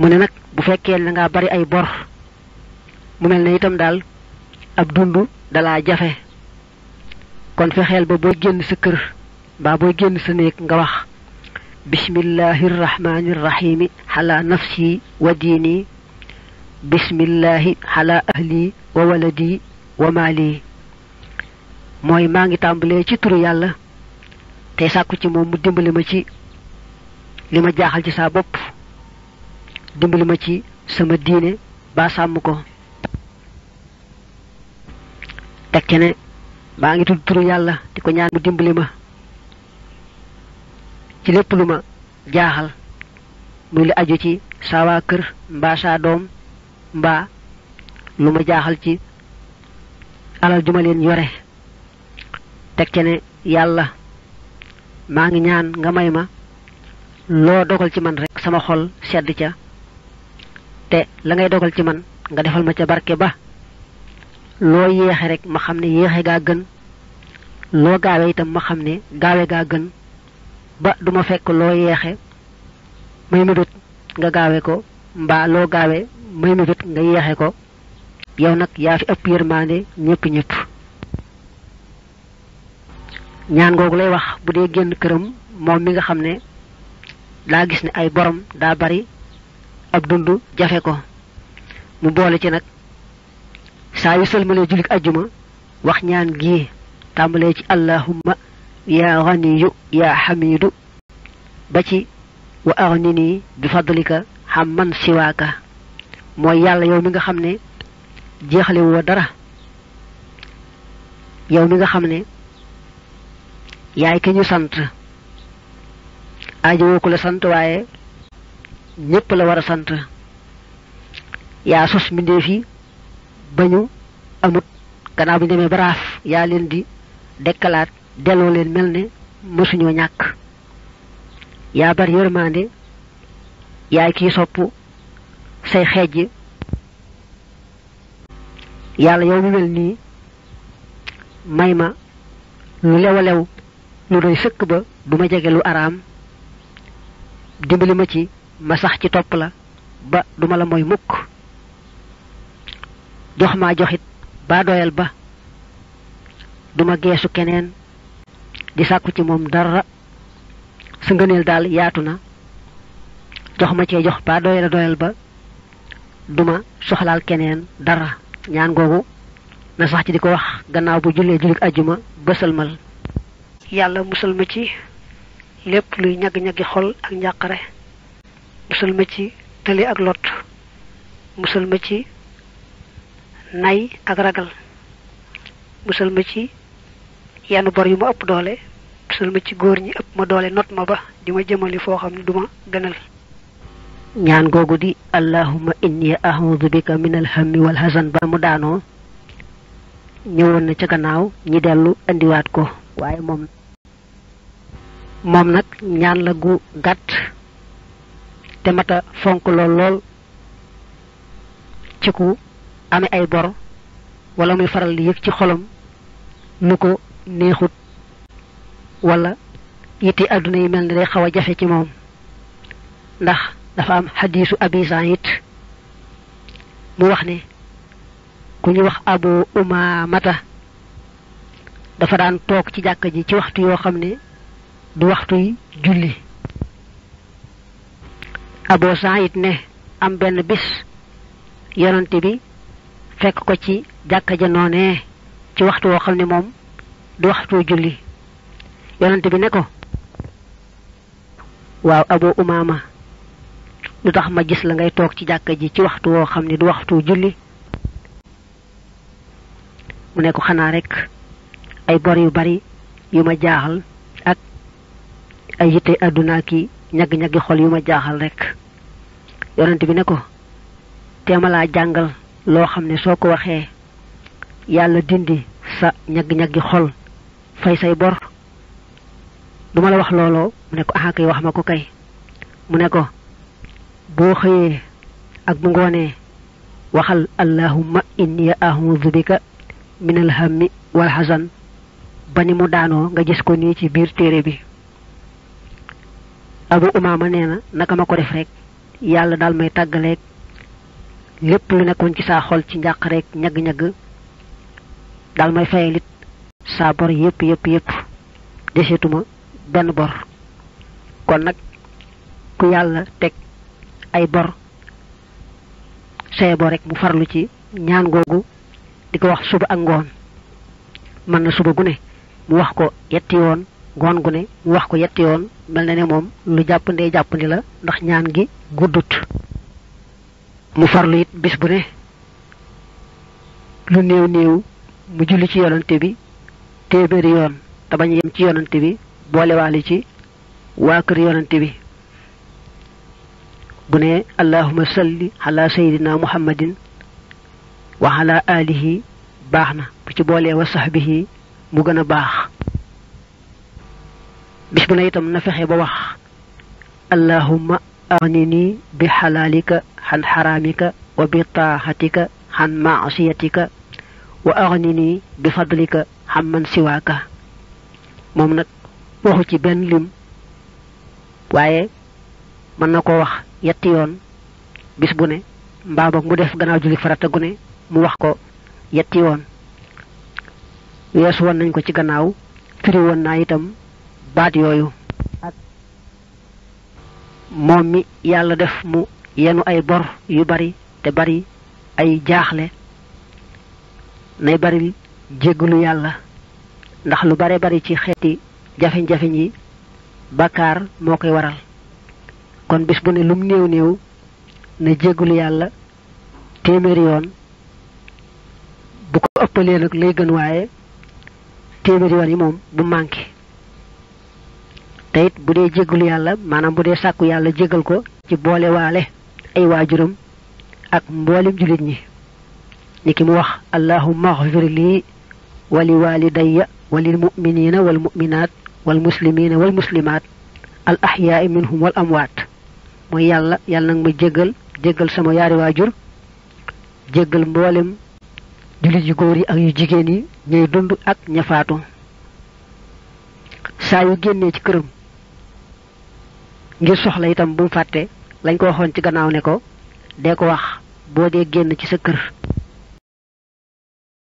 mu ne nag bu fekkee na ngaa bari ay bor mu mel ne itam daal ab dund dalaa jafe kon fexeel ba booy génn sa kër ba booy génn sa néeg nga wax bismillahi irrahmani irrahimi xala nafsi wa diini bismillahi xala ahli wa waladi wa maali mooy maa ngi tàmbalee ci turu yàlla tey sàkku ci moom mu dimbali ma ci li ma jaaxal ci saa bopp dimbali ma ci sama diine ba sàmm ko tekke ne maa ngi turu yàlla di ko ñaan mu dimbali ma ci lépp lu ma jaaxal muy li aju ci sawa kër mbaa saa doom mbaa lu ma jaaxal ci alal juma leen yore teg ca ne yàlla ñaan nga may ma loo dogal ci man rek sama xol sedd ca te la ngay dogal ci man nga defal ma ca barke ba loo yéexe rek ma xam ne yéexe gaa gën loo gaawe itam ma xam ne gaawe gaa gën ba du ma fekk loo yeexe may mu nga gaawe ko mbaa loo gaawe may mu nga yeexe ko yow nag yaa fi ëpp yërmaande ñëpp ñëpp ñaan googu lay wax bu dee génn këram moom mi nga xam ne daa gis ne ay boroom daa bari ak dundu jafé ko mu bolé ci nak sa yu sëlmalee julik aljuma wax ñaan gi tambalé ci allahumma ya ghaniyu ya hamidu ba ci wa aghnini bi fadlika hamman siwaka moy yalla yow mi nga xamné jeexalé wo dara yow mi nga xamné yaay ki ñu ko la sante waye ñépp la war a sant yaa sos mbindeef yi ba ñu amut gannaaw bi ñu demee baraaf yaa leen di dekkalaat delloo leen mel ne mësuñoo ñàkk yaa bari yërmande yaay kii sopp say xeej yàlla yow mi mel nii may ma lu lew a lew lu doy sëkk ba du ma jege lu araam dimbali ma ci ma sax ci topp la ba duma la mooy mukk jox maa joxit ba doyal ba duma geesu keneen di sàkku ci moom dara sa ngëneel daal yaatu na jox ma cee jox ba doyal doyal ba duma soxlaal keneen dara ñaan googu na sax ci di ko wax gannaaw bu jullee jullit ajjuma ba sëlmal yàlla musal ma ci lépp luy ñagg-ñaggi xol ak njàqare musal ma ci tële ak lot musal ma ci nay ak ragal musal ma ci yenn bor yu ma ëpp doole musal ma ci góor ñi ëpp ma doole not ma ba di ma jëmali foo xam ne duma ma gënal ñaan googu di allahumma inni ahudu bika min alhammi wal hazan ba mu daanoo ñëwoon na ca gannaaw ñi dellu indiwaat ko waaye moom moom nag ñaan la gu gàtt te mata fonk lool lool ci ku ame ay bor walla muy faral di yëg ci xolom nu ko neexut wala yitti àdduna yi mel ni day xaw a jafe ci moom ndax dafa am xadiisu abi saïd mu wax ne ku ñu wax abu mata dafa daan toog ci jàkka ji ci waxtu yoo xam ne du waxtuy julli abu sa'id ne am ben bis yonante bi fekk ko ci jakka ja noné ci waxtu wo xamni ne du waxtu julli yonante bi ne ko waaw abu umama du tax ma gis la ngay tok ci jakka ji ci waxtu wo xamni ne du waxtu julli mu ne ko xana rek ay bor yu bari yu ma jaaxal ak ay yitte aduna ki ñag-ñagi xol yu ma jaaxal rek yonent bi ne ko teema laa jàngal loo xam ne soo ko waxee yàlla dindi sa ñagg-ñaggi xol fay say bor du ma la wax looloo mu ne ko aha wax ma ko kay mu ne ko boo xëyee ak bu ngoonee waxal allahumma inni a'udhu bika min alhammi wal hazan ba ni mu daanoo nga gis ko nii ci biir téere bi abu umaama nee na naka ma ko def rek yàlla daal may tàggaleeg lépp lu nekkoon ci saa xol ci rekk ñagg-ñagg daal may fayalit saa bor yépp yépp yépp deseetuma benn bor kon nag ku yàlla teg ay bor saye rekk mu farlu ci ñaan googu di ko wax suba ak ngoon mën na suba gune mu wax ko yetti yoon ngoon gu ne mu wax ko yetti yoon mel na ne moom lu jàppandee jàppandi la ndax ñaan gi guddut mu farlu it bis bu ne lu néew néew mu julli ci yonante bi téeméeri yoon te yem ci yonante bi boolewaale ci waa kër yonante bi bu ne allahuma salli ala sayidina muhammadin wa ala alihi baax na bu ci boolee wa sahbihi mu gën a baax bis bu ne itam na fexe ba wax allahumma aghnini bi halalika han haramika wa bi tahatika han ma'siyatika wa aghnini bi fadlika han man siwaka mom nak waxu ci ben lim waye man nako wax yetti yon bis bu ne mbaa mu def gannaaw julli farata gune mu wax ko yetti yon won nañ ko ci gannaaw firi won na itam baat yooyu ak moom mi yàlla def mu yenu ay bor yu bari te bari ay jaaxle nay bari jéggalu yàlla ndax lu bare bari ci xeeti jafe-jafe yi bàkkaar moo koy waral kon bis bu ne lum néew néew na jéggalu yàlla téeméeri yoon bu ko ëppalee nag lay gën waaye téeméeri yoon yi moom bu manqué te it bu dee jéggalu yàlla maanaam bu dee sàkku yàlla jégal ko ci boole waale ay waajuram ak mboolem jullit ñi ni ki mu wax allahumma xfir lii wali walidayya walil muminina wal muminaat wal muslimina wal muslimaat al ahyaai minhum wal amwaat mooy yàlla yàlla nag ma jégal jégal sama yaari waajur jégal mboolem jullit yu góor yi ak yu jigéen yi ñuy dund ak ñafaatu saa yu génnee ci këram ngir soxla itam bu mu fàtte lañ ko waxoon ci gannaaw ne ko dee ko wax boo dee génn ci sa kër